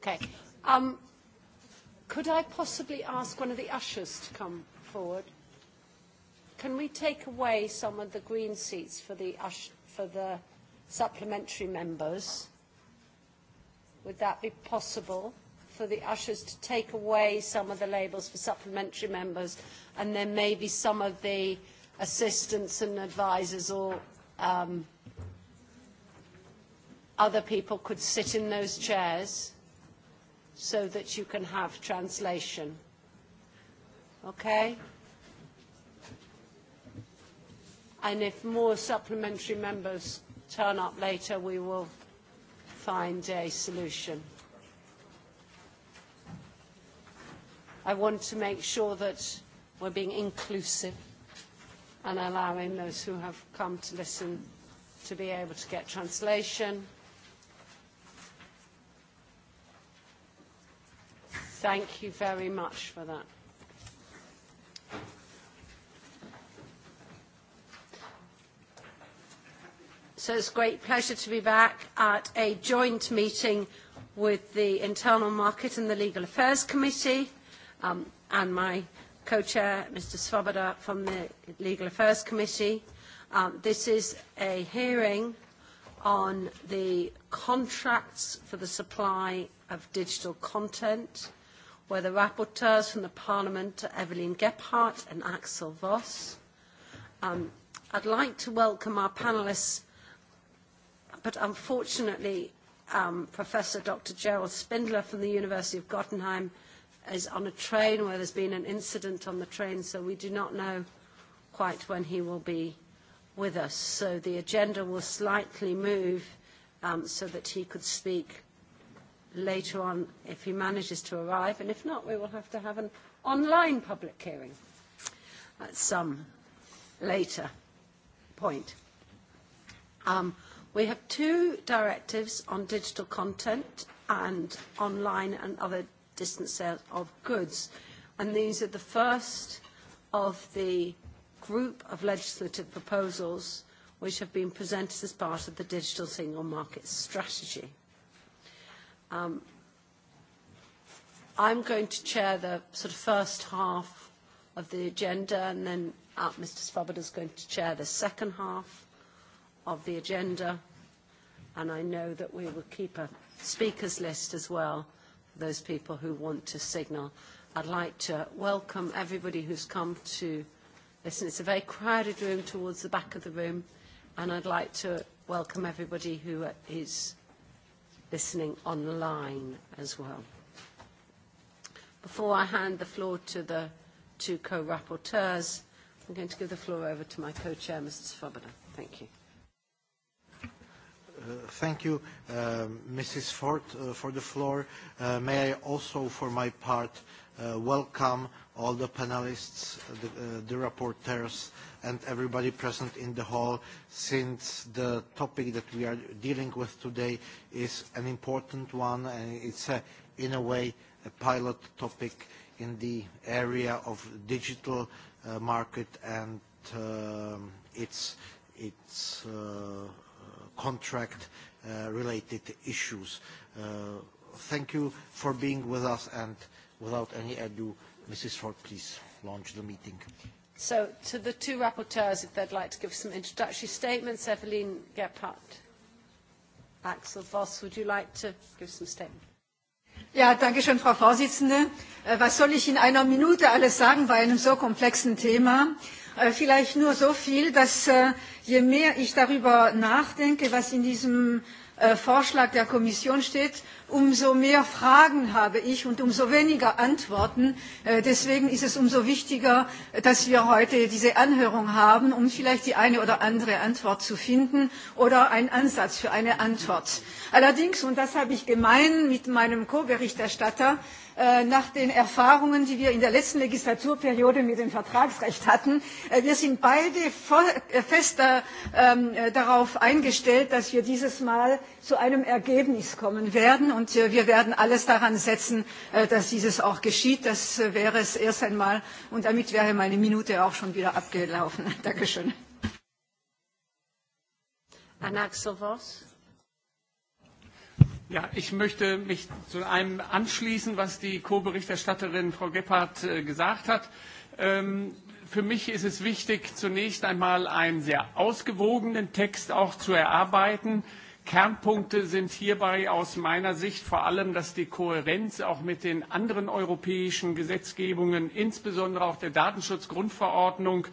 Okay. Um, could I possibly ask one of the ushers to come forward? Can we take away some of the green seats for the for the supplementary members? Would that be possible for the ushers to take away some of the labels for supplementary members, and then maybe some of the assistants and advisors or um, other people could sit in those chairs? so that you can have translation. Okay? And if more supplementary members turn up later, we will find a solution. I want to make sure that we're being inclusive and allowing those who have come to listen to be able to get translation. Thank you very much for that. So it's a great pleasure to be back at a joint meeting with the Internal Market and the Legal Affairs Committee and my co-chair, Mr. Svoboda, from the Legal Affairs Committee. This is a hearing on the contracts for the supply of digital content where the rapporteurs from the Parliament are Evelyn Gephardt and Axel Voss. I'd like to welcome our panelists, but unfortunately Professor Dr. Gerald Spindler from the University of Gottenheim is on a train where there's been an incident on the train, so we do not know quite when he will be with us. So the agenda will slightly move so that he could speak later on if he manages to arrive, and if not, we will have to have an online public hearing at some later point. We have two directives on digital content and online and other distance sales of goods, and these are the first of the group of legislative proposals which have been presented as part of the digital single market strategy. I'm going to chair the sort of first half of the agenda, and then Mr. Svoboda is going to chair the second half of the agenda. And I know that we will keep a speakers list as well for those people who want to signal. I'd like to welcome everybody who's come to listen. It's a very crowded room towards the back of the room, and I'd like to welcome everybody who is listening online as well. Before I hand the floor to the two co-rapporteurs, I'm going to give the floor over to my co-chair, Mr. Svoboda. Thank you. Thank you, Mrs. Ford, for the floor. May I also, for my part, welcome all the panelists, the rapporteurs, and everybody present in the hall, since the topic that we are dealing with today is an important one and it's in a way a pilot topic in the area of digital market and its contract related issues. Thank you for being with us and without any ado, Mrs. Ford, please launch the meeting. So to the two rapporteurs, if they'd like to give some introductory statements, Evelyn Gephardt, Axel Voss, would you like to give some statements? Ja, danke schön, Frau Vorsitzende. Was soll ich in einer Minute alles sagen bei einem so komplexen Thema? Vielleicht nur so viel, dass je mehr ich darüber nachdenke, was in diesem Vorschlag der Kommission steht, umso mehr Fragen habe ich und umso weniger Antworten. Deswegen ist es umso wichtiger, dass wir heute diese Anhörung haben, um vielleicht die eine oder andere Antwort zu finden oder einen Ansatz für eine Antwort. Allerdings, und das habe ich gemein mit meinem Ko berichterstatter nach den Erfahrungen, die wir in der letzten Legislaturperiode mit dem Vertragsrecht hatten. Wir sind beide fest darauf eingestellt, dass wir dieses Mal zu einem Ergebnis kommen werden. Und wir werden alles daran setzen, dass dieses auch geschieht. Das wäre es erst einmal. Und damit wäre meine Minute auch schon wieder abgelaufen. Dankeschön ich möchte mich zu einem anschließen, was die Co-Berichterstatterin Frau Gebhardt gesagt hat. Für mich ist es wichtig, zunächst einmal einen sehr ausgewogenen Text zu erarbeiten. Kernpunkte sind hierbei aus meiner Sicht vor allem, dass die Kohärenz auch mit den anderen europäischen Gesetzgebungen, insbesondere auch der Datenschutzgrundverordnung,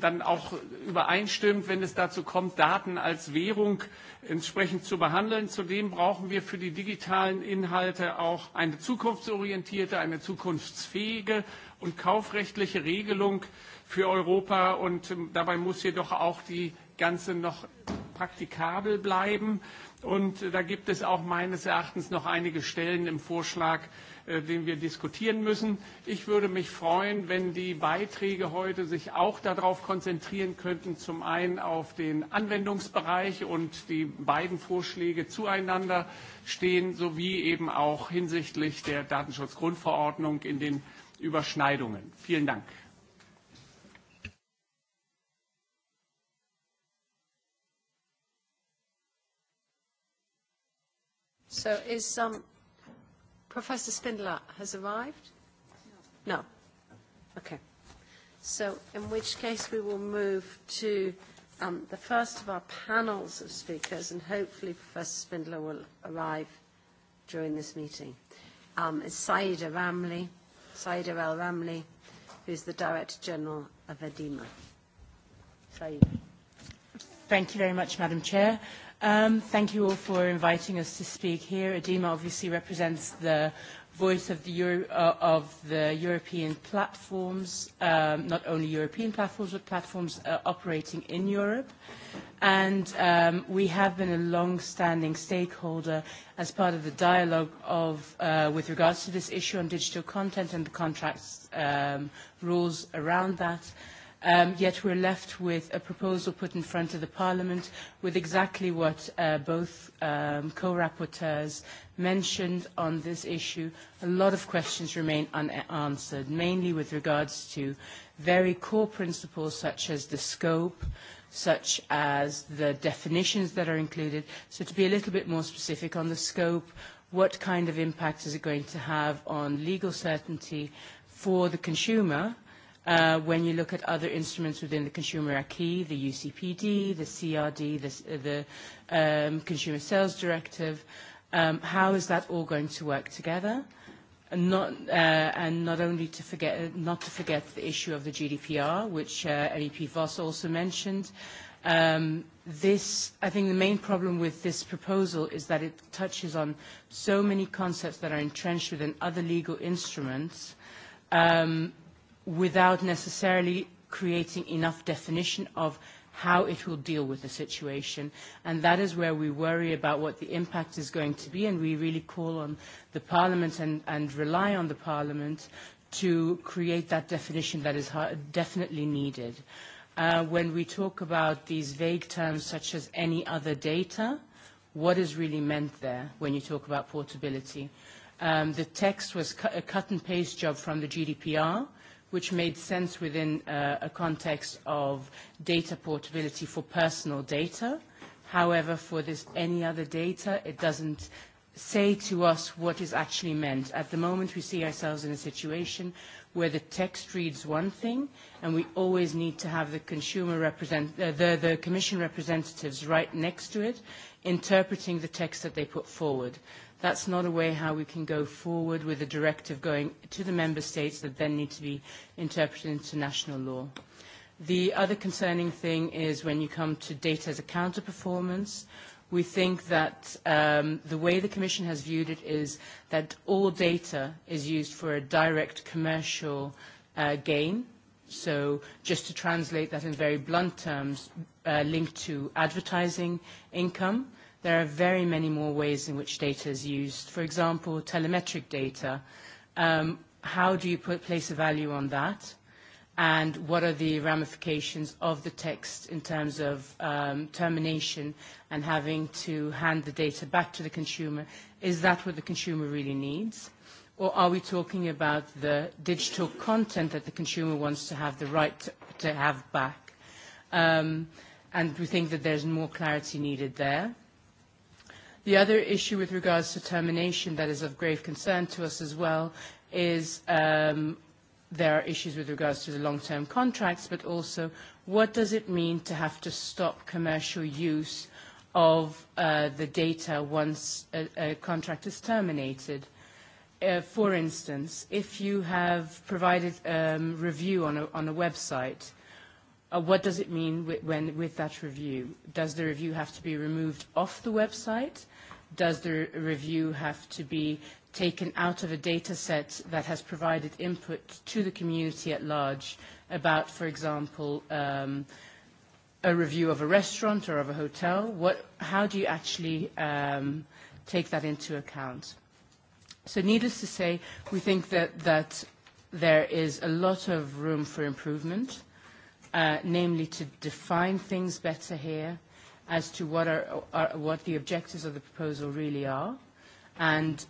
dann auch übereinstimmt, wenn es dazu kommt, Daten als Währung entsprechend zu behandeln. Zudem brauchen wir für die digitalen Inhalte auch eine zukunftsorientierte, eine zukunftsfähige und kaufrechtliche Regelung für Europa. Und dabei muss jedoch auch die ganze noch praktikabel bleiben. Und da gibt es auch meines Erachtens noch einige Stellen im Vorschlag, den wir diskutieren müssen. Ich würde mich freuen, wenn die Beiträge heute sich auch darauf konzentrieren könnten, zum einen auf den Anwendungsbereich und die beiden Vorschläge zueinander stehen, sowie eben auch hinsichtlich der Datenschutzgrundverordnung in den Überschneidungen. Vielen Dank. So is um Professor Spindler has arrived? No. Okay. So in which case we will move to the first of our panels of speakers, and hopefully Professor Spindler will arrive during this meeting. It's Saida Ramli, Saida El Ramli, who's the Director General of EDIMA. Saida. Thank you very much, Madam Chair. Thank you all for inviting us to speak here. ADIMA obviously represents the voice of the European platforms, not only European platforms, but platforms operating in Europe. And we have been a long-standing stakeholder as part of the dialogue with regards to this issue on digital content and the contracts rules around that yet we are left with a proposal put in front of the Parliament with exactly what both co-rapporteurs mentioned on this issue. A lot of questions remain unanswered, mainly with regards to very core principles such as the scope, such as the definitions that are included. So to be a little bit more specific on the scope, what kind of impact is it going to have on legal certainty for the consumer, When you look at other instruments within the consumer acquis, the UCPD, the CRD, the Consumer Sales Directive, how is that all going to work together? Not and not only to forget not to forget the issue of the GDPR, which MEP Voss also mentioned. I think, the main problem with this proposal is that it touches on so many concepts that are entrenched within other legal instruments without necessarily creating enough definition of how it will deal with the situation. And that is where we worry about what the impact is going to be, and we really call on the Parliament and rely on the Parliament to create that definition that is definitely needed. When we talk about these vague terms such as any other data, what is really meant there when you talk about portability? The text was a cut-and-paste job from the GDPR, which made sense within a context of data portability for personal data. However, for this any other data, it doesn't say to us what is actually meant. At the moment, we see ourselves in a situation where the text reads one thing, and we always need to have the consumer represent the commission representatives right next to it, interpreting the text that they put forward. That's not a way how we can go forward with a directive going to the member states that then need to be interpreted into national law. The other concerning thing is when you come to data as a counter-performance, we think that the way the Commission has viewed it is that all data is used for a direct commercial gain. So just to translate that in very blunt terms, linked to advertising income There are very many more ways in which data is used. For example, telemetric data. How do you place a value on that? And what are the ramifications of the text in terms of termination and having to hand the data back to the consumer? Is that what the consumer really needs? Or are we talking about the digital content that the consumer wants to have the right to have back? And we think that there's more clarity needed there. The other issue with regards to termination that is of grave concern to us as well is there are issues with regards to the long-term contracts, but also what does it mean to have to stop commercial use of the data once a contract is terminated? For instance, if you have provided a review on a website What does it mean when with that review? Does the review have to be removed off the website? Does the review have to be taken out of a data set that has provided input to the community at large about, for example, a review of a restaurant or of a hotel? How do you actually take that into account? So needless to say, we think that there is a lot of room for improvement namely to define things better here as to what are what the objectives of the proposal really are. And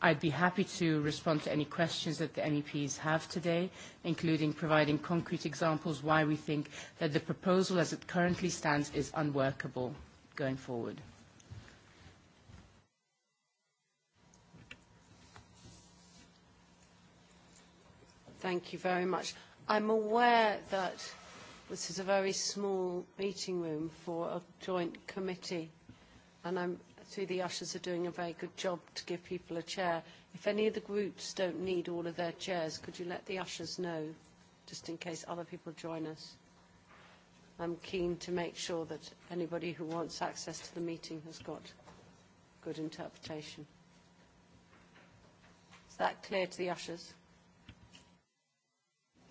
I'd be happy to respond to any questions that the MEPs have today, including providing concrete examples why we think that the proposal as it currently stands is unworkable going forward. Thank you very much. I'm aware that this is a very small meeting room for a joint committee, and I'm through the ushers are doing a very good job to give people a chair. If any of the groups don't need all of their chairs, could you let the ushers know, just in case other people join us? I'm keen to make sure that anybody who wants access to the meeting has got good interpretation. Is that clear to the ushers?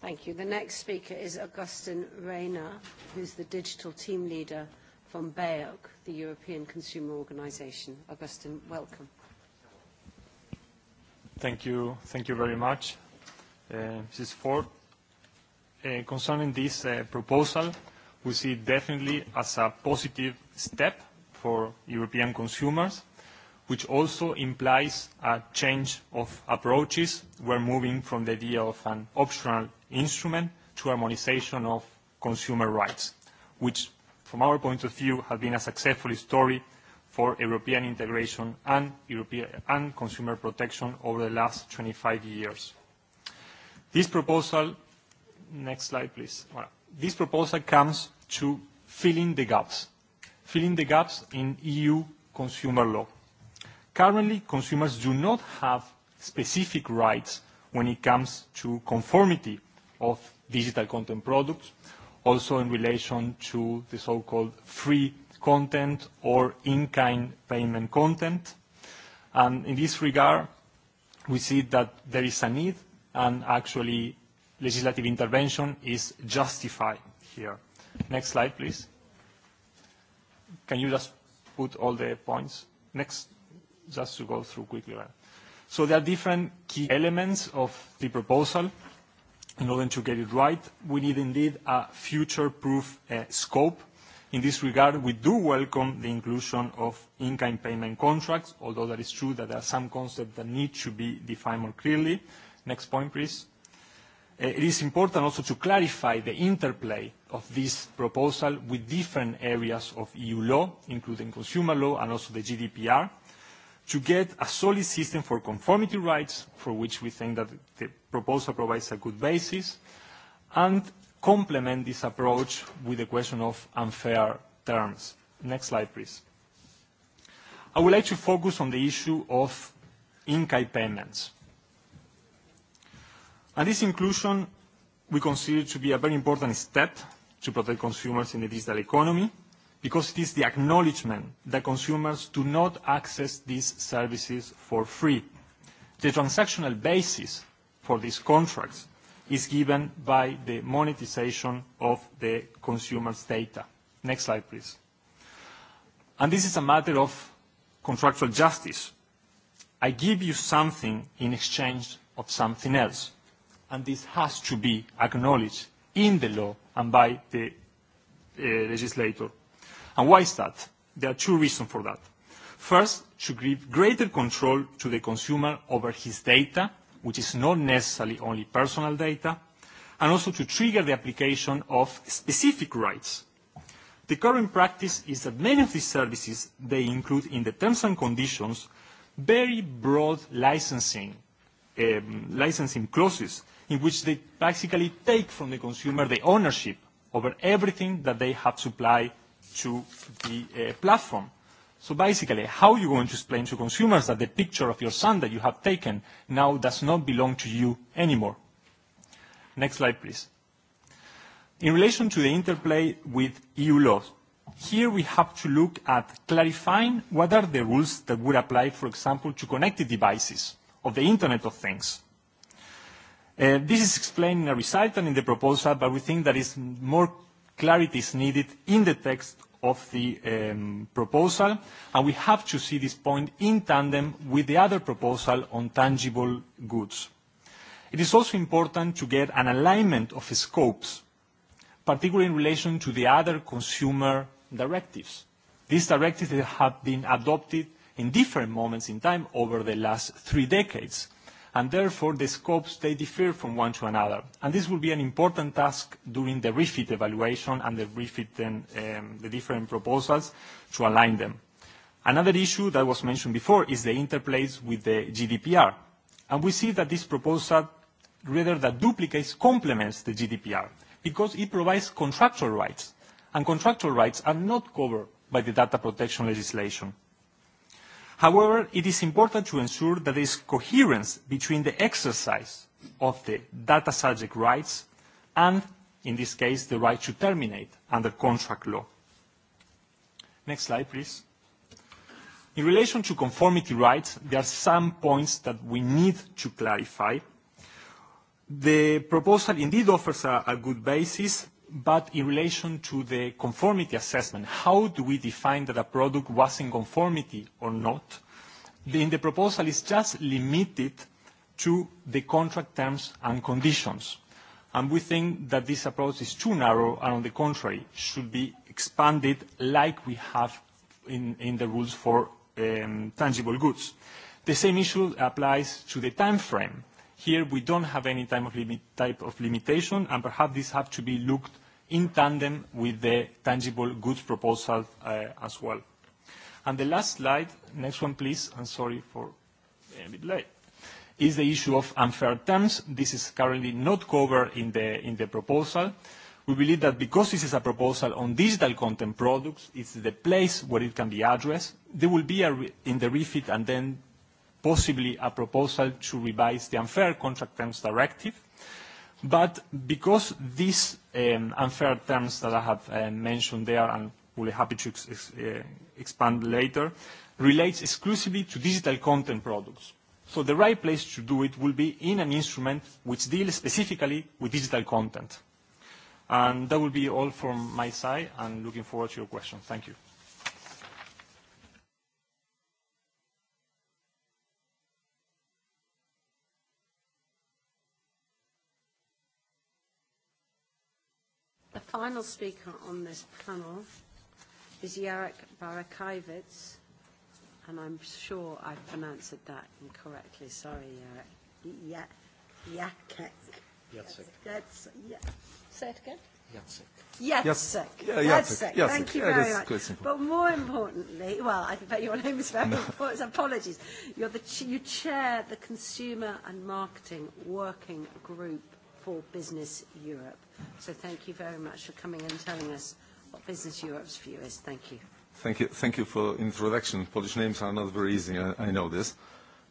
Thank you. The next speaker is Augustin Reyna, who's the digital team leader from BEOC, the European Consumer Organization. Augustin, welcome. Thank you. Thank you very much. Mrs. Ford, concerning this proposal, we see it definitely as a positive step for European consumers, which also implies a change of approaches. We're moving from the idea of an optional instrument to harmonization of consumer rights, which, from our point of view, has been a successful story for European integration and consumer protection over the last 25 years. This proposal, next slide, please. This proposal comes to filling the gaps, filling the gaps in EU consumer law. Currently, consumers do not have specific rights when it comes to conformity of digital content products, also in relation to the so-called free content or in-kind payment content. And in this regard, we see that there is a need, and actually legislative intervention is justified here. Next slide, please. Can you just put all the points? Next, just to go through quickly. So there are different key elements of the proposal in order to get it right, we need indeed a future-proof scope. In this regard, we do welcome the inclusion of in-kind payment contracts, although that is true that there are some concepts that need to be defined more clearly. Next point, please. It is important also to clarify the interplay of this proposal with different areas of EU law, including consumer law and also the GDPR to get a solid system for conformity rights, for which we think that the proposal provides a good basis, and complement this approach with the question of unfair terms. Next slide, please. I would like to focus on the issue of in-kind payments. And this inclusion we consider to be a very important step to protect consumers in the digital economy, because it is the acknowledgement that consumers do not access these services for free. The transactional basis for these contracts is given by the monetization of the consumer's data. Next slide, please. And this is a matter of contractual justice. I give you something in exchange of something else, and this has to be acknowledged in the law and by the legislator. And why is that? There are two reasons for that. First, to give greater control to the consumer over his data, which is not necessarily only personal data, and also to trigger the application of specific rights. The current practice is that many of these services, they include in the terms and conditions very broad licensing licensing clauses in which they basically take from the consumer the ownership over everything that they have supplied to the platform. So basically, how are you going to explain to consumers that the picture of your son that you have taken now does not belong to you anymore? Next slide, please. In relation to the interplay with EU laws, here we have to look at clarifying what are the rules that would apply, for example, to connected devices of the Internet of Things. This is explained in a recital in the proposal, but we think that it's more clarity is needed in the text of the proposal, and we have to see this point in tandem with the other proposal on tangible goods. It is also important to get an alignment of scopes, particularly in relation to the other consumer directives. These directives have been adopted in different moments in time over the last three decades and therefore the scopes they differ from one to another. And this will be an important task during the refit evaluation and the refit the different proposals to align them. Another issue that was mentioned before is the interplay with the GDPR. And we see that this proposal, rather than duplicates, complements the GDPR because it provides contractual rights. And contractual rights are not covered by the data protection legislation. However, it is important to ensure that there is coherence between the exercise of the data subject rights and, in this case, the right to terminate under contract law. Next slide, please. In relation to conformity rights, there are some points that we need to clarify. The proposal indeed offers a good basis but in relation to the conformity assessment, how do we define that a product was in conformity or not? In the proposal is just limited to the contract terms and conditions. And we think that this approach is too narrow and, on the contrary, should be expanded like we have in the rules for tangible goods. The same issue applies to the time frame. Here we don't have any type of limitation, and perhaps this has to be looked in tandem with the tangible goods proposal as well. And the last slide, next one please, I'm sorry for being a bit late, is the issue of unfair terms. This is currently not covered in the proposal. We believe that because this is a proposal on digital content products, it's the place where it can be addressed. There will be in the refit and then possibly a proposal to revise the Unfair Contract Terms Directive. But because these unfair terms that I have mentioned there, and will be happy to expand later, relates exclusively to digital content products. So the right place to do it will be in an instrument which deals specifically with digital content. And that will be all from my side, and looking forward to your questions. Thank you. final speaker on this panel is Jarek Barakaivitz. and I'm sure I've pronounced that incorrectly. Sorry, Jarek. Jacek. Jacek. Say it again. Jacek. Jacek. Thank you very much. But more importantly, well, I bet your name is very important. Apologies. You're the, you chair the Consumer and Marketing Working Group for Business Europe. So thank you very much for coming and telling us what Business Europe's view is. Thank you. Thank you. Thank you for introduction. Polish names are not very easy. I know this.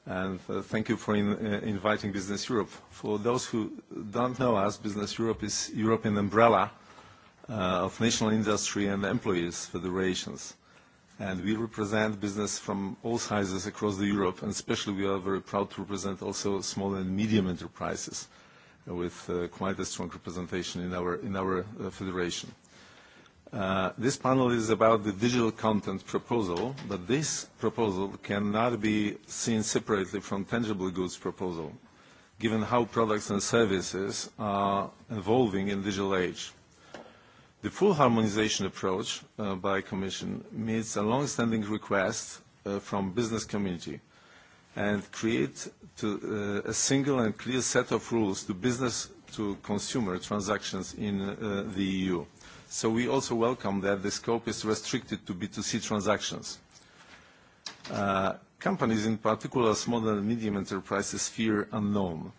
And thank you for inviting Business Europe. For those who don't know us, Business Europe is European umbrella of national industry and employees federations. And we represent business from all sizes across the Europe, and especially we are very proud to represent also small and medium enterprises with quite a strong representation in our in our federation. This panel is about the digital content proposal, but this proposal cannot be seen separately from tangible goods proposal, given how products and services are evolving in digital age. The full harmonization approach by Commission meets a long-standing request from business community and create a single and clear set of rules to business to consumer transactions in the EU. So we also welcome that the scope is restricted to B2C transactions. Companies, in particular small and medium enterprises, fear unknown.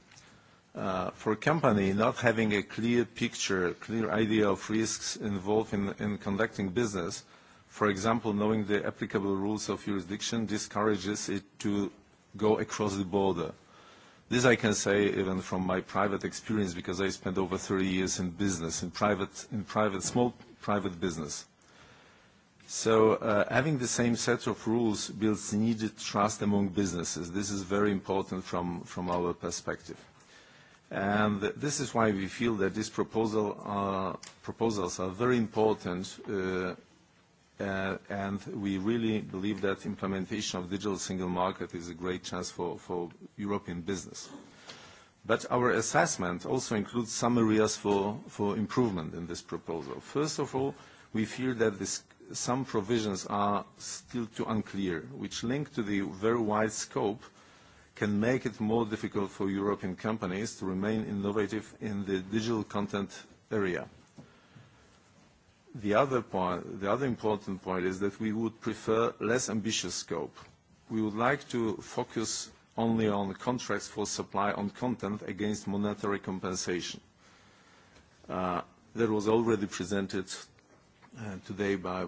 For a company, not having a clear picture, a clear idea of risks involved in conducting business, for example, knowing the applicable rules of jurisdiction, discourages it to go across the border. This I can say even from my private experience because I spent over 30 years in business, in private, in private, small private business. So having the same set of rules builds needed trust among businesses. This is very important from, from our perspective. And this is why we feel that these proposals are very important and we really believe that implementation of digital single market is a great chance for European business. But our assessment also includes some areas for improvement in this proposal. First of all, we feel that some provisions are still too unclear, which linked to the very wide scope can make it more difficult for European companies to remain innovative in the digital content area. The other important point is that we would prefer less ambitious scope. We would like to focus only on contracts for supply on content against monetary compensation. That was already presented today by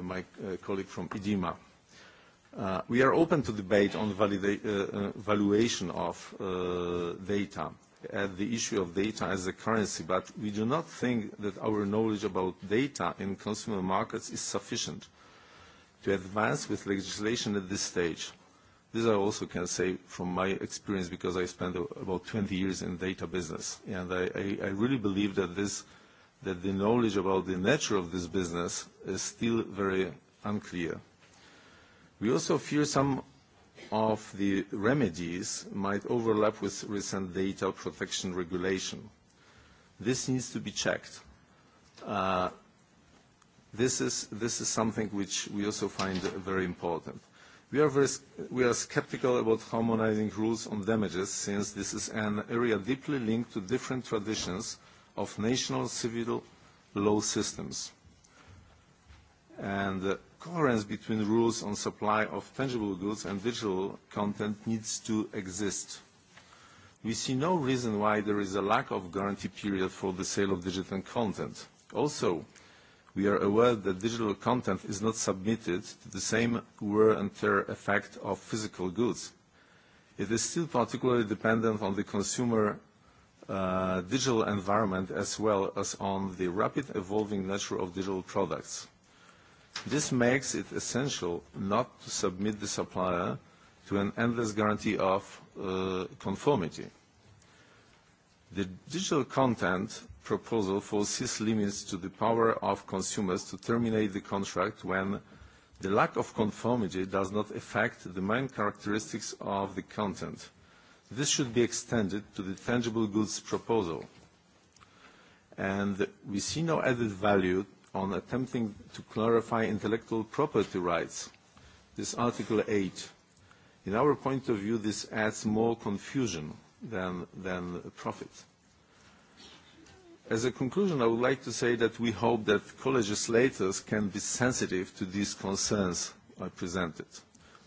my colleague from IDIMA. We are open to debate on valuation of data at the issue of data as a currency, but we do not think that our knowledge about data in consumer markets is sufficient to advance with legislation at this stage. This I also can say from my experience because I spent about 20 years in data business. And I really believe that this that the knowledge about the nature of this business is still very unclear. We also fear some of the remedies might overlap with recent data protection regulation. This needs to be checked. This is something which we also find very important. We are skeptical about harmonizing rules on damages since this is an area deeply linked to different traditions of national civil law systems. And coherence between rules on supply of tangible goods and digital content needs to exist. We see no reason why there is a lack of guarantee period for the sale of digital content. Also, we are aware that digital content is not submitted to the same wear and tear effect of physical goods. It is still particularly dependent on the consumer digital environment as well as on the rapid evolving nature of digital products. This makes it essential not to submit the supplier to an endless guarantee of conformity. The digital content proposal foresees limits to the power of consumers to terminate the contract when the lack of conformity does not affect the main characteristics of the content. This should be extended to the tangible goods proposal. And we see no added value on attempting to clarify intellectual property rights. This Article 8. In our point of view, this adds more confusion than profit. As a conclusion, I would like to say that we hope that co-legislators can be sensitive to these concerns I presented.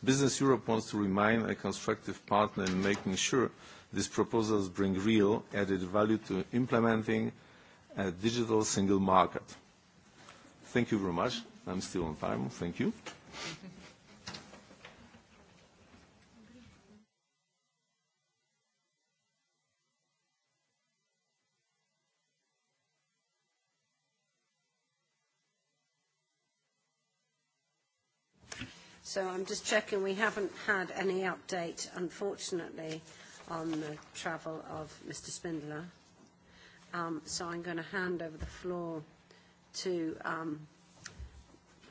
Business Europe wants to remain a constructive partner in making sure these proposals bring real added value to implementing a digital single market. Thank you very much. I'm still on time. Thank you. So I'm just checking we haven't had any update, unfortunately, on the travel of Mr. Spindler. so I'm going to hand over the floor to um,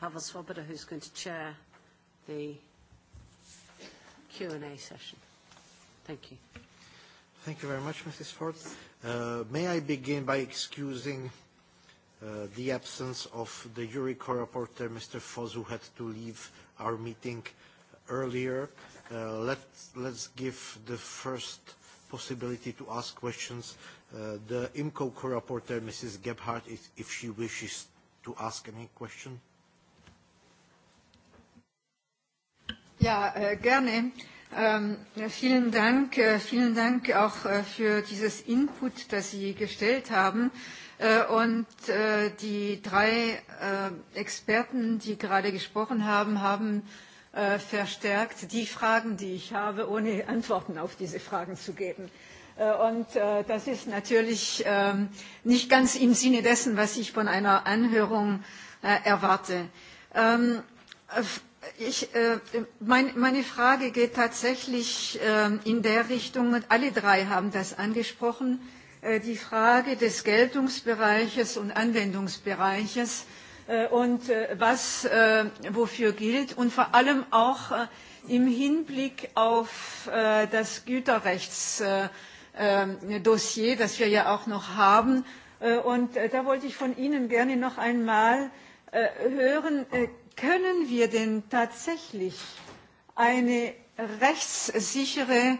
Pavel Svoboda, who's going to chair the Q&A session. Thank you. Thank you very much, Mrs. Ford. may I begin by excusing the absence of the URI reporter Mr. Foz, who had to leave our meeting earlier. let's, let's give the first possibility to ask questions. The IMCO co-rapporteur, Mrs. Gebhardt, if she wishes to ask any question. Ja, gerne. Vielen Dank. Vielen Dank auch für dieses Input, das Sie gestellt haben. Und die drei Experten, die gerade gesprochen haben, haben verstärkt die Fragen, die ich habe, ohne Antworten auf diese Fragen zu geben. Und das ist natürlich nicht ganz im Sinne dessen, was ich von einer Anhörung erwarte. Meine Frage geht tatsächlich in der Richtung, und alle drei haben das angesprochen, die Frage des Geltungsbereiches und Anwendungsbereiches und was wofür gilt und vor allem auch im Hinblick auf das Güterrechtsdossier, das wir ja auch noch haben. Und da wollte ich von Ihnen gerne noch einmal hören, können wir denn tatsächlich eine rechtssichere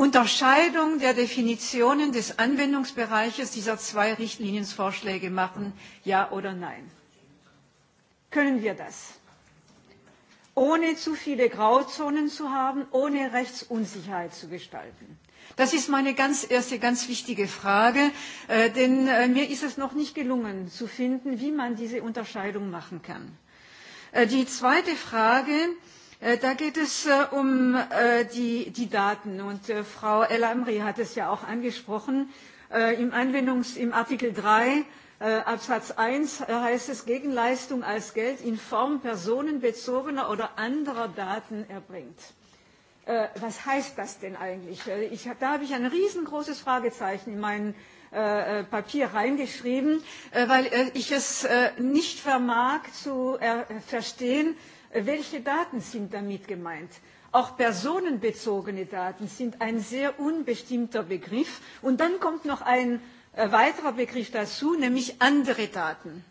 Unterscheidung der Definitionen des Anwendungsbereiches dieser zwei Richtlinienvorschläge machen, ja oder nein. Können wir das? Ohne zu viele Grauzonen zu haben, ohne Rechtsunsicherheit zu gestalten. Das ist meine ganz erste, ganz wichtige Frage, denn mir ist es noch nicht gelungen zu finden, wie man diese Unterscheidung machen kann. Die zweite Frage Da geht es um die Daten. Und Frau El Amri hat es ja auch angesprochen. Im Anwendungs-, im Artikel 3 Absatz 1 heißt es, Gegenleistung als Geld in Form personenbezogener oder anderer Daten erbringt. Was heißt das denn eigentlich? Da habe ich ein riesengroßes Fragezeichen in mein Papier reingeschrieben, weil ich es nicht vermag zu verstehen, Welche Daten sind damit gemeint? Auch personenbezogene Daten sind ein sehr unbestimmter Begriff. Und dann kommt noch ein weiterer Begriff dazu, nämlich andere Daten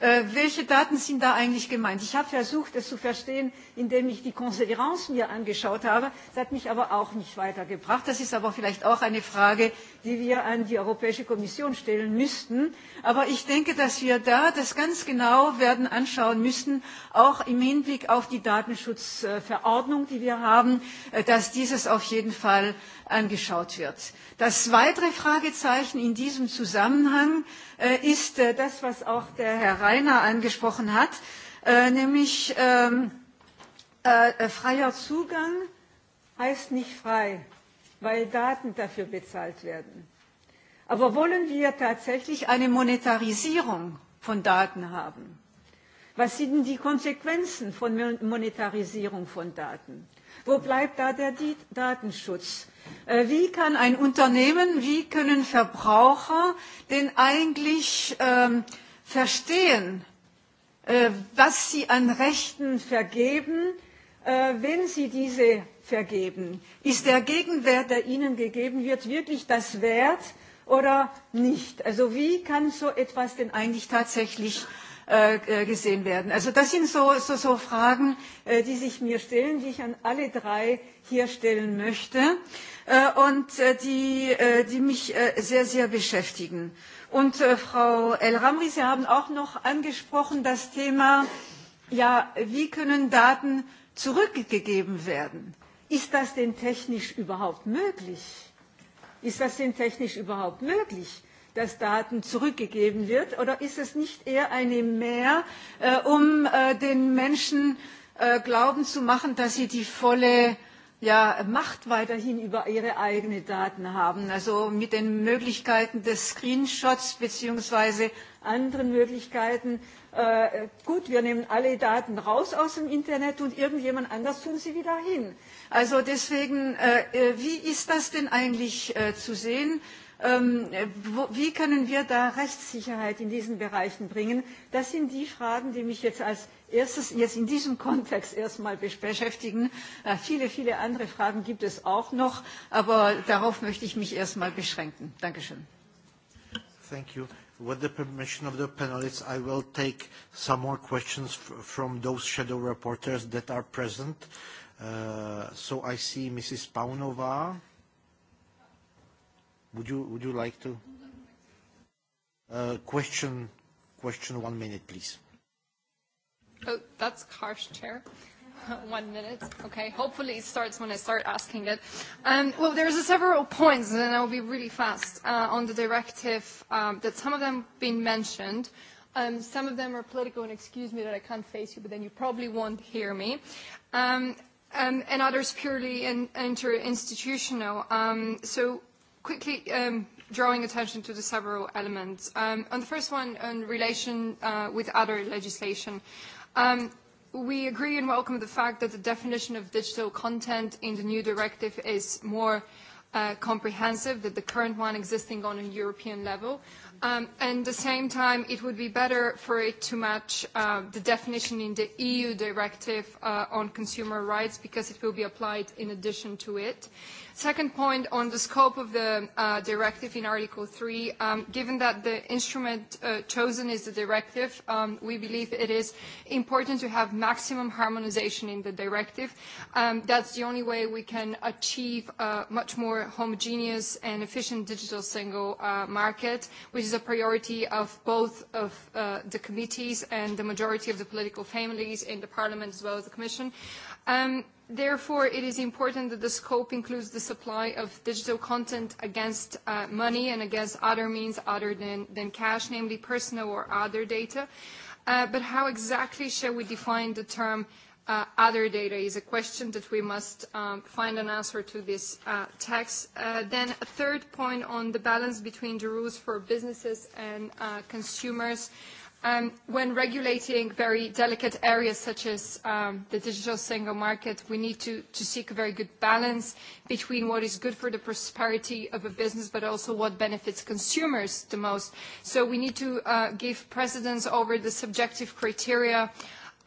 welche Daten sind da eigentlich gemeint? Ich habe versucht, das zu verstehen, indem ich die Konsequenz mir angeschaut habe. Das hat mich aber auch nicht weitergebracht. Das ist aber vielleicht auch eine Frage, die wir an die Europäische Kommission stellen müssten. Aber ich denke, dass wir da das ganz genau werden anschauen müssen, auch im Hinblick auf die Datenschutzverordnung, die wir haben, dass dieses auf jeden Fall angeschaut wird. Das weitere Fragezeichen in diesem Zusammenhang ist das, was auch der Herr Reiner angesprochen hat, nämlich freier Zugang heißt nicht frei, weil Daten dafür bezahlt werden. Aber wollen wir tatsächlich eine Monetarisierung von Daten haben? Was sind die Konsequenzen von Monetarisierung von Daten? Wo bleibt da der Datenschutz? Wie kann ein Unternehmen, wie können Verbraucher denn eigentlich verstehen, was sie an Rechten vergeben, wenn sie diese vergeben? Ist der Gegenwert, der ihnen gegeben wird, wirklich das Wert oder nicht? Also wie kann so etwas denn eigentlich tatsächlich gesehen werden. Also das sind so, so, so Fragen, die sich mir stellen, die ich an alle drei hier stellen möchte und die mich sehr, sehr beschäftigen. Und Frau El Ramri, Sie haben auch noch angesprochen das Thema, ja, wie können Daten zurückgegeben werden? Ist das denn technisch überhaupt möglich? Ist das denn technisch überhaupt möglich? dass Daten zurückgegeben werden, oder ist es nicht eher eine Mehr, um den Menschen glauben zu machen, dass sie die volle ja Macht weiterhin über ihre eigenen Daten haben. Also mit den Möglichkeiten des Screenshots bzw. anderen Möglichkeiten. Gut, wir nehmen alle Daten raus aus dem Internet und irgendjemand anders tun sie wieder hin. Also deswegen, wie ist das denn eigentlich zu sehen? Wie können wir da Rechtssicherheit in diesen Bereichen bringen? Das sind die Fragen, die mich jetzt als erstes jetzt in diesem Kontext erstmal beschäftigen. Viele, viele andere Fragen gibt es auch noch, aber darauf möchte ich mich erstmal beschränken. Dankeschön. Thank you. With the permission of the panelists, I will take some more questions from those shadow reporters that are present. So I see Mrs. Paunova. Would you would you like to question question one minute, please? Oh, that's harsh, Chair. One minute. Okay. Hopefully it starts when I start asking it. Well, there's several points, and I'll be really fast on the directive. That some of them have been mentioned. Some of them are political, and excuse me that I can't face you, but then you probably won't hear me and others purely interinstitutional. So quickly drawing attention to the several elements. On the first one, in relation with other legislation, we agree and welcome the fact that the definition of digital content in the new directive is more comprehensive than the current one existing on a European level. And at the same time, it would be better for it to match the definition in the EU directive on consumer rights because it will be applied in addition to it. Second point on the scope of the directive in Article 3, given that the instrument chosen is the directive, we believe it is important to have maximum harmonization in the directive. That's the only way we can achieve a much more homogeneous and efficient digital single market, is a priority of both of the committees and the majority of the political families in the Parliament as well as the Commission. Therefore, it is important that the scope includes the supply of digital content against money and against other means other than cash, namely personal or other data. But how exactly shall we define the term other data is a question that we must find an answer to this tax. Then a third point on the balance between the rules for businesses and consumers. When regulating very delicate areas such as the digital single market, we need to seek a very good balance between what is good for the prosperity of a business, but also what benefits consumers the most. So we need to give precedence over the subjective criteria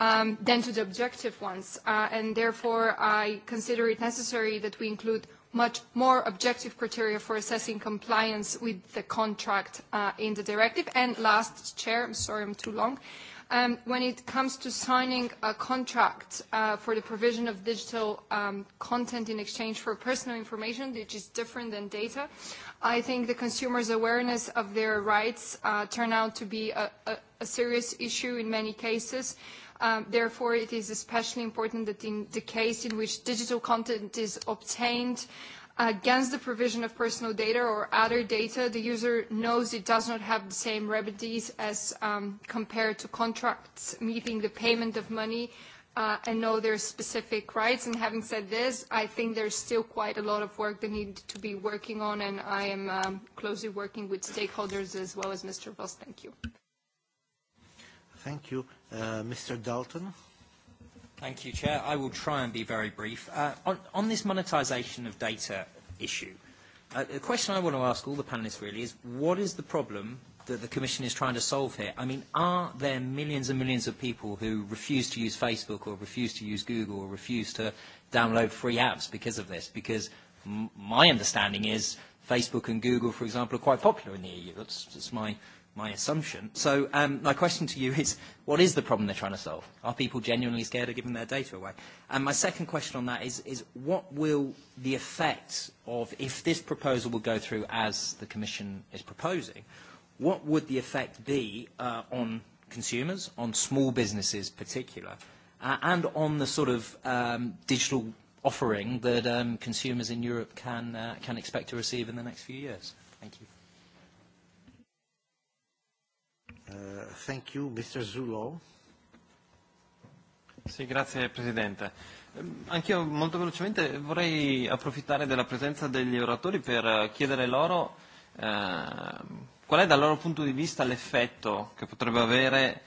than to the objective ones, and therefore I consider it necessary that we include much more objective criteria for assessing compliance with the contract in the directive. And last, Chair, I'm sorry I'm too long, when it comes to signing a contract for the provision of digital content in exchange for personal information, which is different than data, I think the consumers' awareness of their rights turn out to be a serious issue in many cases Therefore, it is especially important that in the case in which digital content is obtained against the provision of personal data or other data, the user knows it does not have the same remedies as compared to contracts meeting the payment of money and know their specific rights. And having said this, I think there's still quite a lot of work that needs to be working on, and I am closely working with stakeholders as well as Mr. Voss. Thank you. Thank you. Mr. Dalton. Thank you, Chair. I will try and be very brief. On this monetisation of data issue, the question I want to ask all the panelists really is what is the problem that the Commission is trying to solve here? I mean, are there millions and millions of people who refuse to use Facebook or refuse to use Google or refuse to download free apps because of this? Because my understanding is Facebook and Google, for example, are quite popular in the EU. That's my my assumption. So my question to you is, what is the problem they're trying to solve? Are people genuinely scared of giving their data away? And my second question on that is, is what will the effect of, if this proposal will go through as the Commission is proposing, what would the effect be on consumers, on small businesses in particular, and on the sort of digital offering that consumers in Europe can, can expect to receive in the next few years? Thank you. Thank you, Mr. Zulo. Sì, grazie Presidente. Anch'io molto velocemente vorrei approfittare della presenza degli oratori per chiedere loro qual è dal loro punto di vista l'effetto che potrebbe avere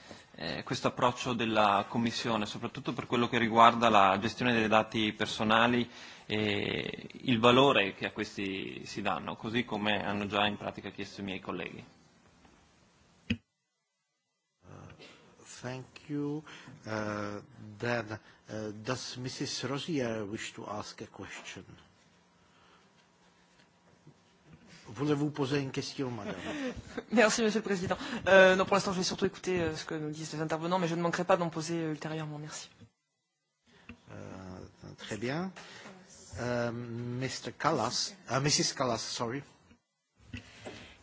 questo approccio della Commissione, soprattutto per quello che riguarda la gestione dei dati personali e il valore che a questi si danno, così come hanno già in pratica chiesto i miei colleghi. Thank you. Then, does Mrs. Rosier wish to ask a question? Voulez-vous poser une question, madame Merci, monsieur le président. Euh, non, pour l'instant, je vais surtout écouter ce que nous disent les intervenants, mais je ne manquerai pas d'en poser ultérieurement. Merci. Euh, très bien. Uh, Mr. Callas, uh, Mrs. Callas, sorry.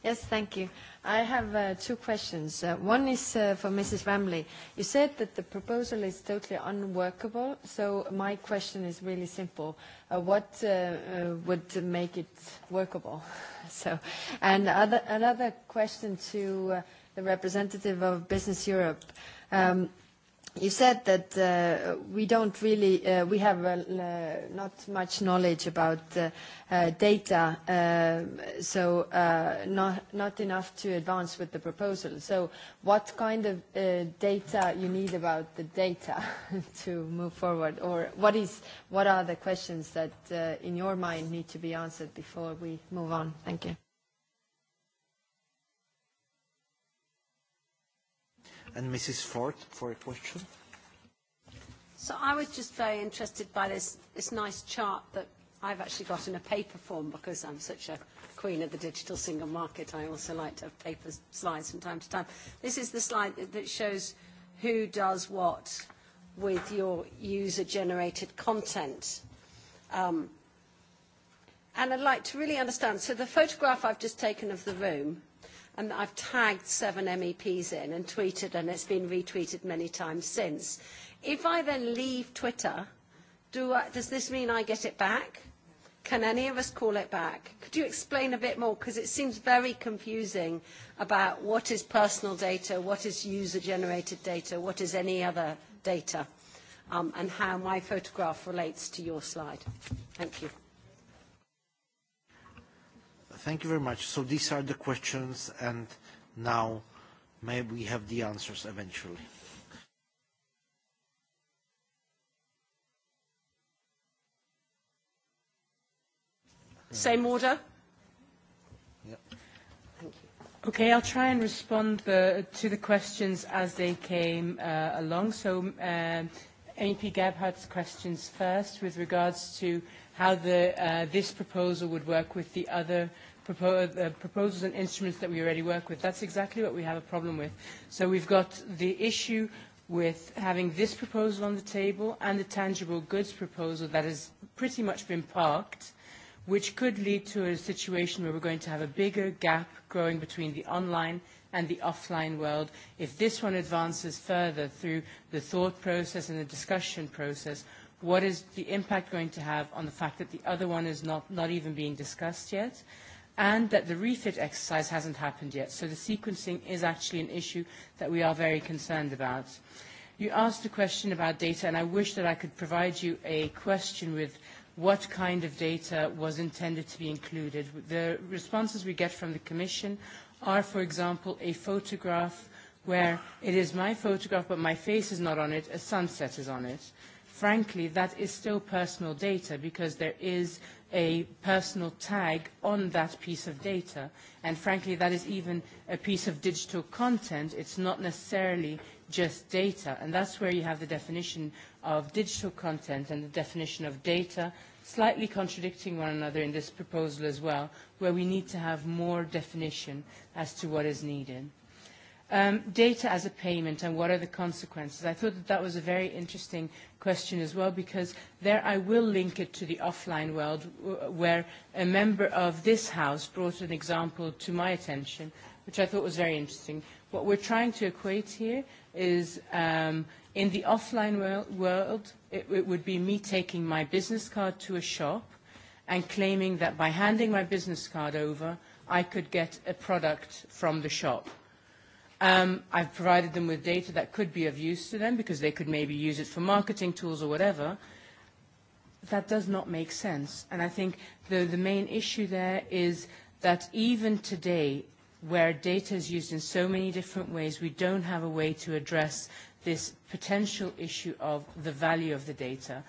Yes, thank you. I have two questions. One is for Mrs. Ramley. You said that the proposal is totally unworkable, so my question is really simple. What would make it workable? So, and another question to the representative of Business Europe. You said that we don't really, we have not much knowledge about data, so not enough to advance with the proposal. So what kind of data you need about the data to move forward, or what what are the questions that in your mind need to be answered before we move on? Thank you. and Mrs. Ford for a question. So I was just very interested by this, this nice chart that I've actually got in a paper form because I'm such a queen of the digital single market. I also like to have paper slides from time to time. This is the slide that shows who does what with your user-generated content. And I'd like to really understand. So the photograph I've just taken of the room and I've tagged seven MEPs in and tweeted, and it's been retweeted many times since. If I then leave Twitter, does this mean I get it back? Can any of us call it back? Could you explain a bit more, because it seems very confusing about what is personal data, what is user-generated data, what is any other data, and how my photograph relates to your slide. Thank you. Thank you very much. So these are the questions, and now maybe we have the answers eventually. Same order? Yeah. Okay, I'll try and respond to the questions as they came along. So MEP Gebhardt's questions first with regards to how this proposal would work with the other proposals and instruments that we already work with. That's exactly what we have a problem with. So we've got the issue with having this proposal on the table and the tangible goods proposal that has pretty much been parked, which could lead to a situation where we're going to have a bigger gap growing between the online and the offline world. If this one advances further through the thought process and the discussion process, what is the impact going to have on the fact that the other one is not even being discussed yet? and that the refit exercise hasn't happened yet. So the sequencing is actually an issue that we are very concerned about. You asked a question about data, and I wish that I could provide you a question with what kind of data was intended to be included. The responses we get from the Commission are, for example, a photograph where it is my photograph, but my face is not on it, a sunset is on it. Frankly, that is still personal data because there is a personal tag on that piece of data. And frankly, that is even a piece of digital content. It's not necessarily just data. And that's where you have the definition of digital content and the definition of data slightly contradicting one another in this proposal as well, where we need to have more definition as to what is needed. Data as a payment and what are the consequences? I thought that that was a very interesting question as well because there I will link it to the offline world where a member of this House brought an example to my attention which I thought was very interesting. What we're trying to equate here is in the offline world it would be me taking my business card to a shop and claiming that by handing my business card over I could get a product from the shop I've provided them with data that could be of use to them because they could maybe use it for marketing tools or whatever. That does not make sense. And I think the main issue there is that even today, where data is used in so many different ways, we don't have a way to address this potential issue of the value of the data.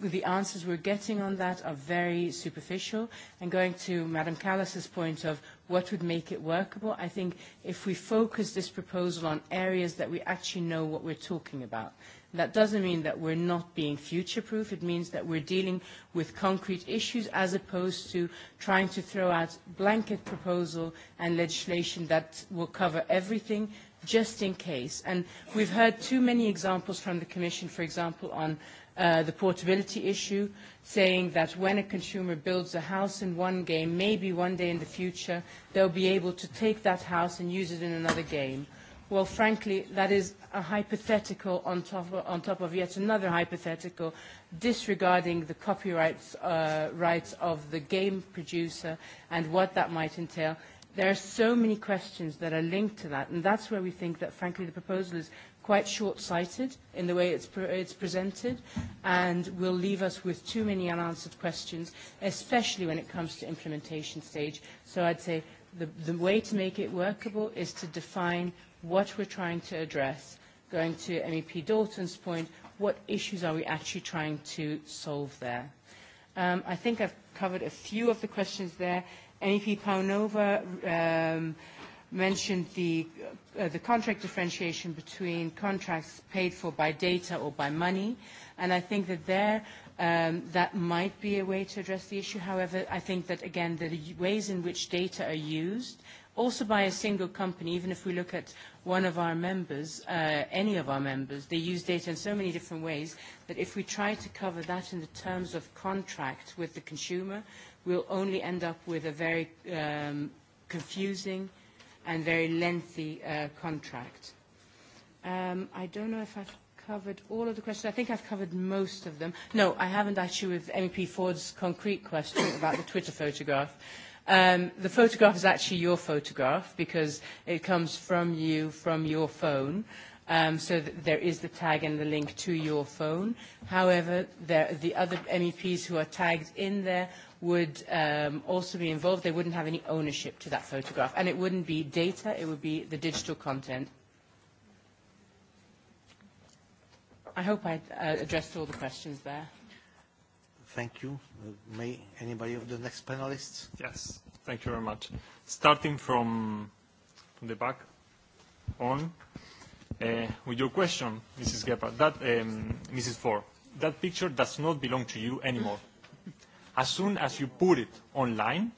The answers we're getting on that are very superficial. And going to Madam Callas's point of what would make it workable. I think if we focus this proposal on areas that we actually know what we're talking about, that doesn't mean that we're not being future-proof. It means that we're dealing with concrete issues as opposed to trying to throw out blanket proposal and legislation that will cover everything just in case. And we've heard too many examples from the Commission, for example, on the portability issue, saying that when a consumer builds a house in one game, maybe one day in the future, they'll be able to take that house and use it in another game. Well, frankly, that is a hypothetical on top of yet another hypothetical, disregarding the copyright rights of the game producer and what that might entail. There are so many questions that are linked to that, and that's where we think that, frankly, the proposal is quite short-sighted in the way it's presented and will leave us with too many unanswered questions, especially when it comes to implementation stage. So I'd say the way to make it workable is to define what we're trying to address. Going to MEP Dalton's point, what issues are we actually trying to solve there? I think I've covered a few of the questions there. MEP Paunova mentioned the contract differentiation between contracts paid for by data or by money, and I think that there that might be a way to address the issue. However, I think that, again, the ways in which data are used, also by a single company, even if we look at one of our members, any of our members, they use data in so many different ways that if we try to cover that in the terms of contract with the consumer, we'll only end up with a very confusing and very lengthy contract. I don't know if I've covered all of the questions. I think I've covered most of them. No, I haven't actually with MEP Ford's concrete question about the Twitter photograph. The photograph is actually your photograph because it comes from you, from your phone so that there is the tag and the link to your phone. However, the other MEPs who are tagged in there would also be involved. They wouldn't have any ownership to that photograph. And it wouldn't be data, it would be the digital content. I hope I addressed all the questions there. Thank you. May anybody of the next panelists? Yes, thank you very much. Starting from the back on with your question, Mrs. Gephardt, that, Mrs. Ford, that picture does not belong to you anymore. As soon as you put it online,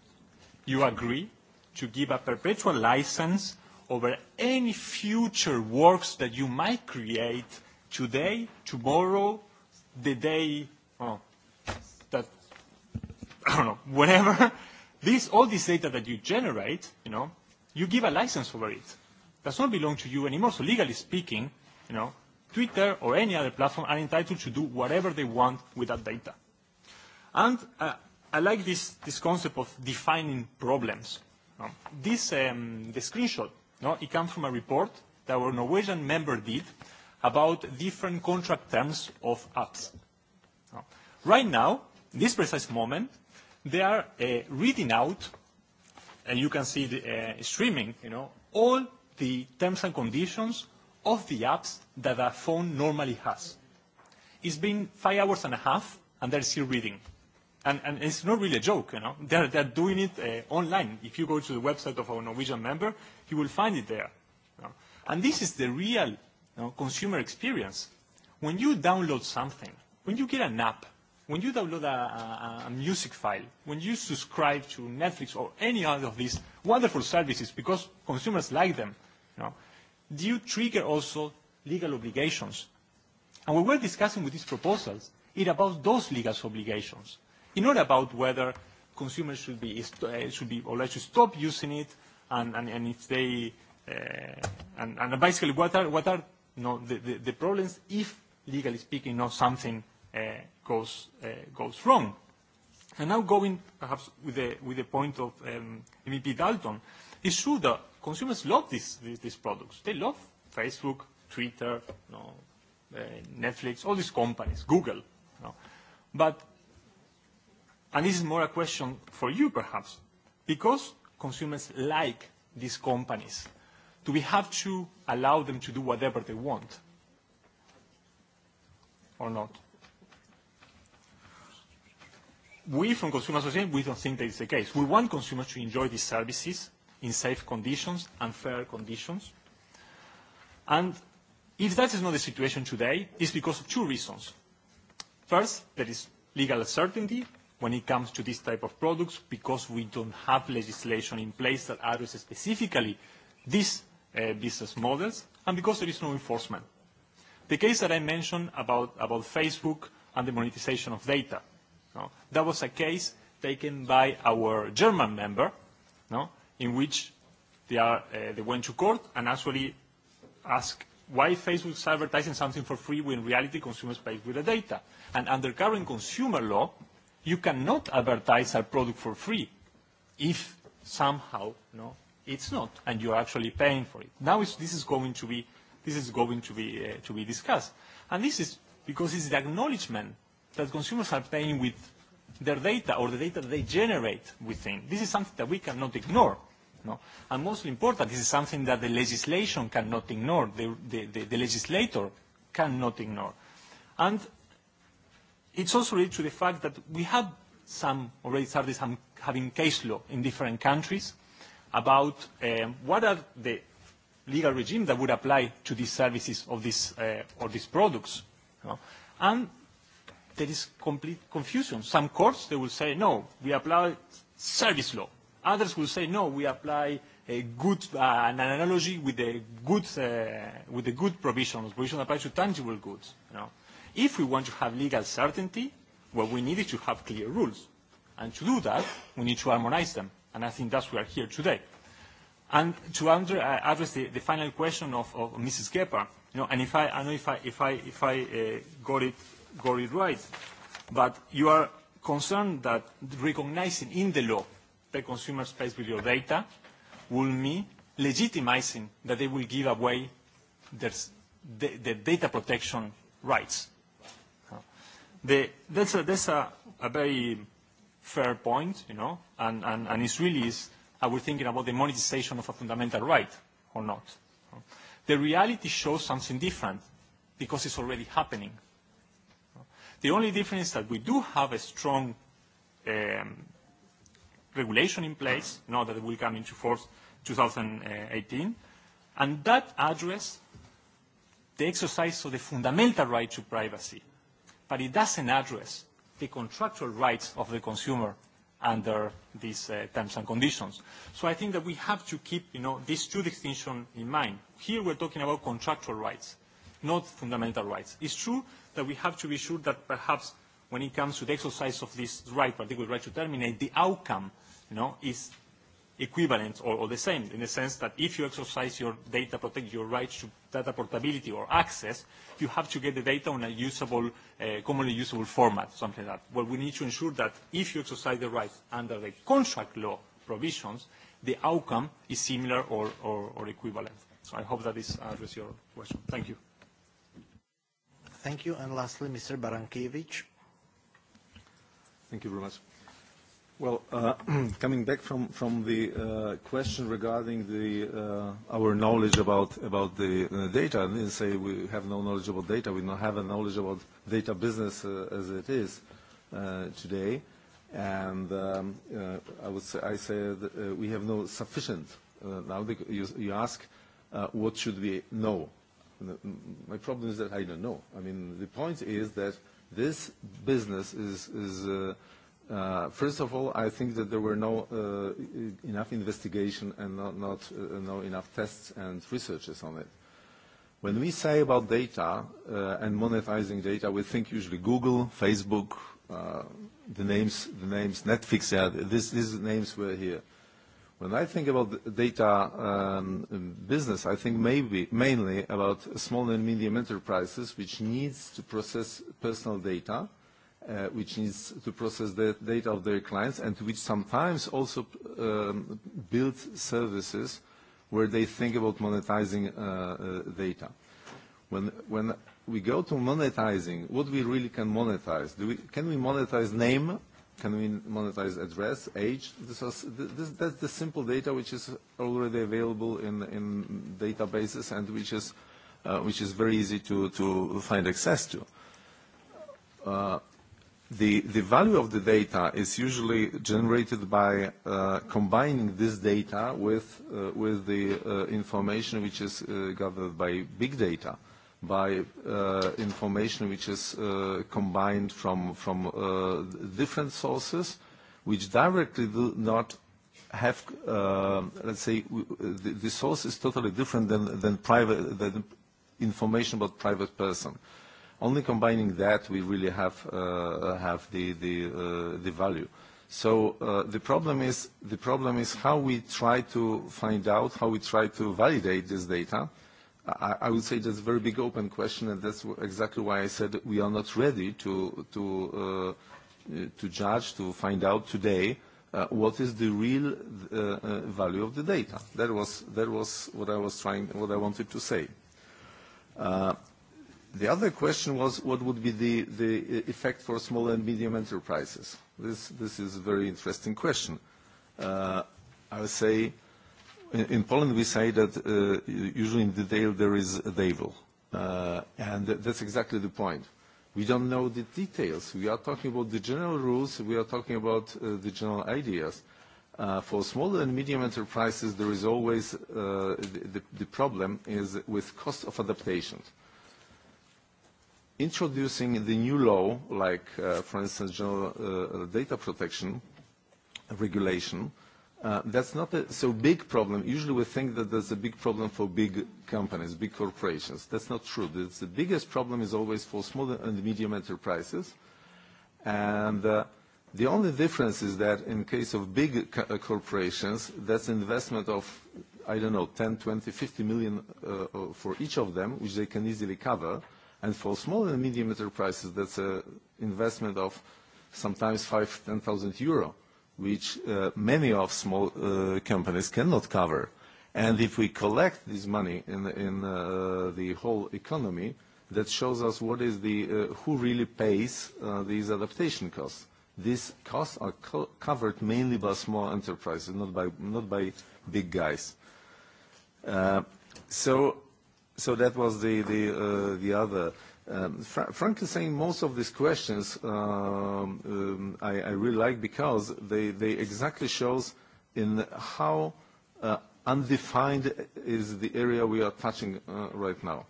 you agree to give a perpetual license over any future works that you might create today, tomorrow, the day, that, I don't know, whenever. This, all this data that you generate, you know, you give a license over it does not belong to you anymore. So legally speaking, you know, Twitter or any other platform are entitled to do whatever they want with that data. And I like this this concept of defining problems. This the screenshot, no, it comes from a report that our Norwegian member did about different contract terms of apps. Right now, this precise moment, they are reading out, and you can see the streaming, you know, all the terms and conditions of the apps that a phone normally has. It's been five hours and a half, and they're still reading. And it's not really a joke, you know. They're doing it online. If you go to the website of our Norwegian member, you will find it there. And this is the real consumer experience. When you download something, when you get an app, when you download a music file, when you subscribe to Netflix or any other of these wonderful services because consumers like them, Do you trigger also legal obligations? And we were discussing with these proposals it about those legal obligations. It's not about whether consumers should be should be obliged to stop using it and and, and if they and, basically what are what are the, the, problems if legally speaking not something goes goes wrong. And now going perhaps with the with the point of MEP Dalton, it's true that consumers love these these products. They love Facebook, Twitter, Netflix, all these companies, Google. But, and this is more a question for you perhaps, because consumers like these companies, do we have to allow them to do whatever they want? Or not? We from Consumer Association, we don't think that is the case. We want consumers to enjoy these services in safe conditions and fair conditions. And if that is not the situation today, it's because of two reasons. First, there is legal uncertainty when it comes to this type of products because we don't have legislation in place that addresses specifically these business models and because there is no enforcement. The case that I mentioned about Facebook and the monetization of data, that was a case taken by our German member in which they went to court and actually asked why Facebook is advertising something for free when in reality consumers pay with the data. And under current consumer law, you cannot advertise a product for free if somehow no, it's not, and you're actually paying for it. Now this is going to be this is going to be to be discussed, and this is because it's the acknowledgement that consumers are paying with their data or the data they generate within. This is something that we cannot ignore. And most important, this is something that the legislation cannot ignore, the legislator cannot ignore. And it's also related to the fact that we have some already started having case law in different countries about what are the legal regimes that would apply to these services or these products. And there is complete confusion. Some courts, they will say, no, we apply service law. Others will say, no, we apply a good, an analogy with the good, with the good provisions, provision applies to tangible goods. You know? If we want to have legal certainty, what we need is to have clear rules. And to do that, we need to harmonize them. And I think that's why we are here today. And to address the, the final question of, of Mrs. Gephardt, you know, and if I, I know if I, if I, if I uh, got it, got it right, but you are concerned that recognizing in the law the consumer space with your data will mean legitimizing that they will give away their data protection rights. That's a very fair point, you know, and it's really is, are we thinking about the monetization of a fundamental right or not? The reality shows something different because it's already happening. The only difference is that we do have a strong regulation in place, now that will come into force 2018, and that address the exercise of the fundamental right to privacy, but it doesn't address the contractual rights of the consumer under these terms and conditions. So I think that we have to keep, you know, these two distinctions in mind. Here we're talking about contractual rights, not fundamental rights. It's true that we have to be sure that perhaps when it comes to the exercise of this right, particular right to terminate, the outcome is equivalent or, the same in the sense that if you exercise your data protect your rights to data portability or access, you have to get the data on a usable, commonly usable format, something like that. Well, we need to ensure that if you exercise the rights under the contract law provisions, the outcome is similar or, or, equivalent. So I hope that this answers your question. Thank you. Thank you. And lastly, Mr. Barankiewicz. Thank you very much. Well, coming back from from the question regarding the our knowledge about about the data, I didn't say we have no knowledge about data. We now have a knowledge about data business as it is today, and I would say I say we have no sufficient. Now you ask, what should we know? My problem is that I don't know. I mean, the point is that This business is, is first of all, I think that there were no enough investigation and not, no enough tests and researches on it. When we say about data and monetizing data, we think usually Google, Facebook, the names, the names Netflix, yeah, these names were here. When I think about data business, I think maybe mainly about small and medium enterprises, which needs to process personal data, which needs to process the data of their clients, and which sometimes also build services where they think about monetizing data. When we go to monetizing, what we really can monetize? Can we monetize name can we monetize address, age? This is, this, that's the simple data which is already available in, in databases and which is, which is very easy to, to find access to. the, the value of the data is usually generated by combining this data with, with the information which is gathered by big data by information which is combined from from different sources, which directly do not have, let's say, the source is totally different than than private information about private person. Only combining that we really have have the the the value. So the problem is the problem is how we try to find out, how we try to validate this data I would say that's a very big open question, and that's exactly why I said we are not ready to to to judge, to find out today what is the real value of the data. That was that was what I was trying, what I wanted to say. The other question was what would be the the effect for small and medium enterprises. This this is a very interesting question. I would say In Poland, we say that usually in detail there is a devil, and that's exactly the point. We don't know the details. We are talking about the general rules. We are talking about the general ideas. For small and medium enterprises, there is always the problem is with cost of adaptation. Introducing the new law, like, for instance, general data protection regulation, That's not a so big problem. Usually we think that there's a big problem for big companies, big corporations. That's not true. The biggest problem is always for small and medium enterprises. And the only difference is that in case of big corporations, that's investment of, I don't know, 10, 20, 50 million for each of them, which they can easily cover. And for small and medium enterprises, that's an investment of sometimes 5, 10,000 euro which many of small companies cannot cover. And if we collect this money in the whole economy, that shows us what is the who really pays these adaptation costs. These costs are covered mainly by small enterprises, not by not by big guys. So, that was the other. Frankly saying, most of these questions I really like because they exactly shows in how undefined is the area we are touching right now.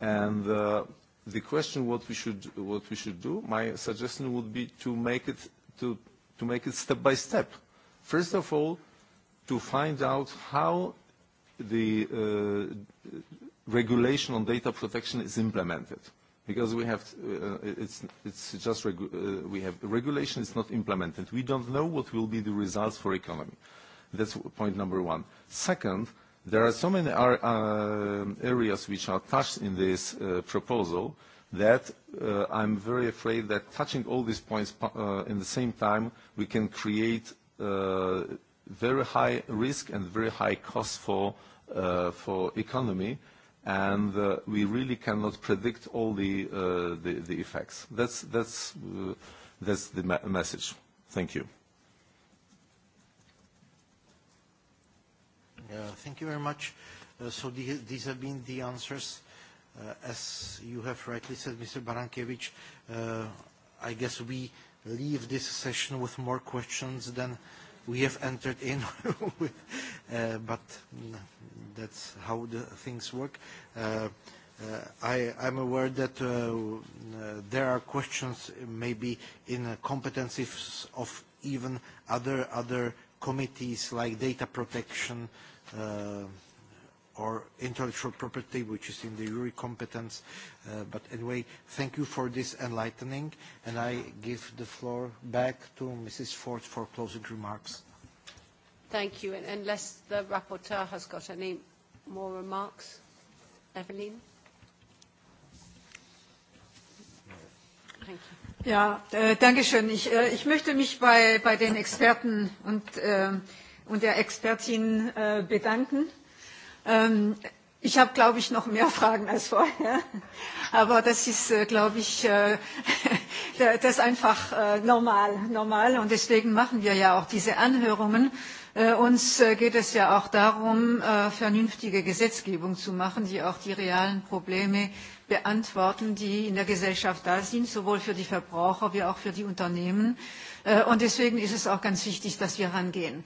And the question what we should do, my suggestion would be to make it step by step. First of all, to find out how the regulation on data protection is implemented because we have it's just we have regulation is not implemented. We don't know what will be the results for economy. That's point number one. Second, there are so many areas which are touched in this proposal that I'm very afraid that touching all these points in the same time, we can create very high risk and very high cost for for economy and we really cannot predict all the effects. That's that's that's the message. Thank you. Thank you very much. So these have been the answers. As you have rightly said, Mr. Barankiewicz, I guess we leave this session with more questions than we have entered in, but that's how the things work. I am aware that there are questions maybe in competencies of even other other committees like data protection or intellectual property, which is in the jury competence. But anyway, thank you for this enlightening, and I give the floor back to Mrs. Ford for closing remarks. Thank you. And unless the rapporteur has got any more remarks, Evelyn? Thank you. Ja, danke schön. Ich möchte mich bei den Experten und der Expertin bedanken Ich habe, glaube ich, noch mehr Fragen als vorher. Aber das ist, glaube ich, das einfach normal. normal. Und deswegen machen wir ja auch diese Anhörungen. Uns geht es ja auch darum, vernünftige Gesetzgebung zu machen, die auch die realen Probleme beantworten, die in der Gesellschaft da sind, sowohl für die Verbraucher wie auch für die Unternehmen. Und deswegen ist es auch ganz wichtig, dass wir rangehen.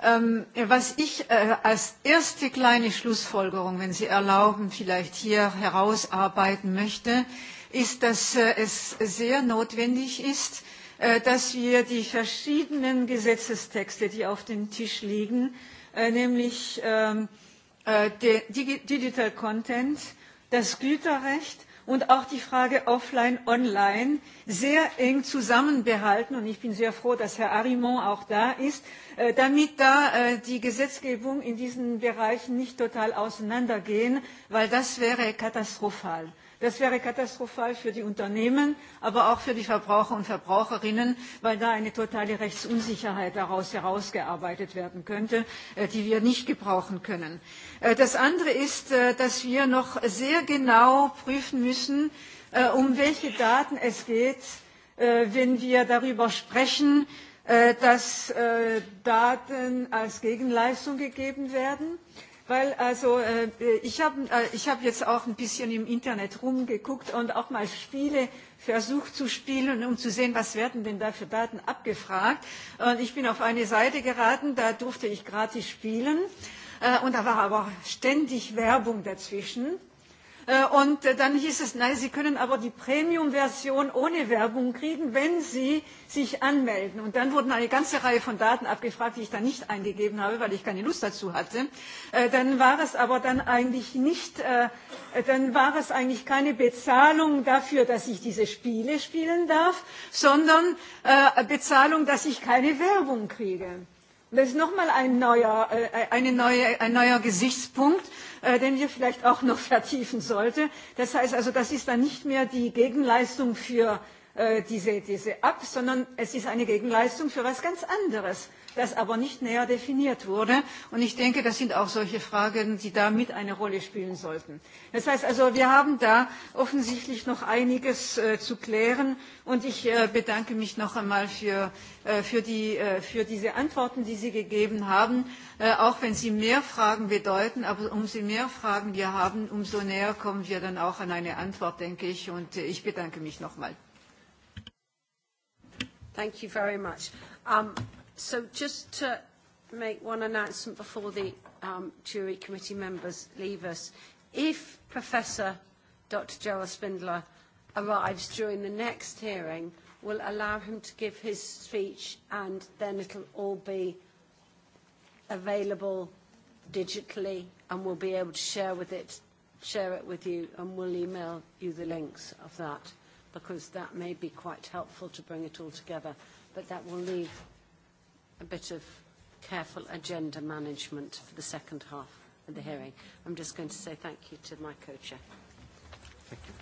Was ich als erste kleine Schlussfolgerung, wenn Sie erlauben, vielleicht hier herausarbeiten möchte, ist, dass es sehr notwendig ist, dass wir die verschiedenen Gesetzestexte, die auf dem Tisch liegen, nämlich Digital Content, das Güterrecht, und auch die Frage offline online sehr eng zusammenbehalten, und ich bin sehr froh, dass Herr Arimont auch da ist, damit die Gesetzgebung in diesen Bereichen nicht total auseinandergehen, weil das wäre katastrophal. Das wäre katastrophal für die Unternehmen, aber auch für die Verbraucher und Verbraucherinnen, weil da eine totale Rechtsunsicherheit daraus herausgearbeitet werden könnte, die wir nicht gebrauchen können. Das andere ist, dass wir noch sehr genau prüfen müssen, um welche Daten es geht, wenn wir darüber sprechen, dass Daten als Gegenleistung gegeben werden weil also ich habe ich habe jetzt auch ein bisschen im internet rumgeguckt und auch mal spiele versucht zu spielen um zu sehen was werden denn da für daten abgefragt und ich bin auf eine seite geraten da durfte ich gratis spielen und da war aber ständig werbung dazwischen Und dann hieß es, nein, Sie können aber die Premium-Version ohne Werbung kriegen, wenn Sie sich anmelden. Und dann wurden eine ganze Reihe von Daten abgefragt, die ich dann nicht eingegeben habe, weil ich keine Lust dazu hatte. Dann war es aber dann eigentlich nicht, war es eigentlich keine Bezahlung dafür, dass ich diese Spiele spielen darf, sondern Bezahlung, dass ich keine Werbung kriege. Das ist nochmal ein neuer, eine neue, ein neuer Gesichtspunkt, den wir vielleicht auch noch vertiefen sollten. Das heißt also, das ist dann nicht mehr die Gegenleistung für diese, diese ab, sondern es ist eine Gegenleistung für etwas ganz anderes das aber nicht näher definiert wurde. Und ich denke, das sind auch solche Fragen, die da mit eine Rolle spielen sollten. Das heißt also, wir haben da offensichtlich noch einiges zu klären. Und ich bedanke mich noch einmal für diese Antworten, die Sie gegeben haben. Auch wenn sie mehr Fragen bedeuten, aber umso mehr Fragen wir haben, umso näher kommen wir dann auch an eine Antwort, denke ich. Und ich bedanke mich noch Thank So just to make one announcement before the jury committee members leave us. If Professor Dr. Gerald Spindler arrives during the next hearing, we'll allow him to give his speech and then it'll all be available digitally and we'll be able to share with it, share it with you and we'll email you the links of that because that may be quite helpful to bring it all together. But that will leave a bit of careful agenda management for the second half of the hearing. I'm just going to say thank you to my co-chair. Thank you.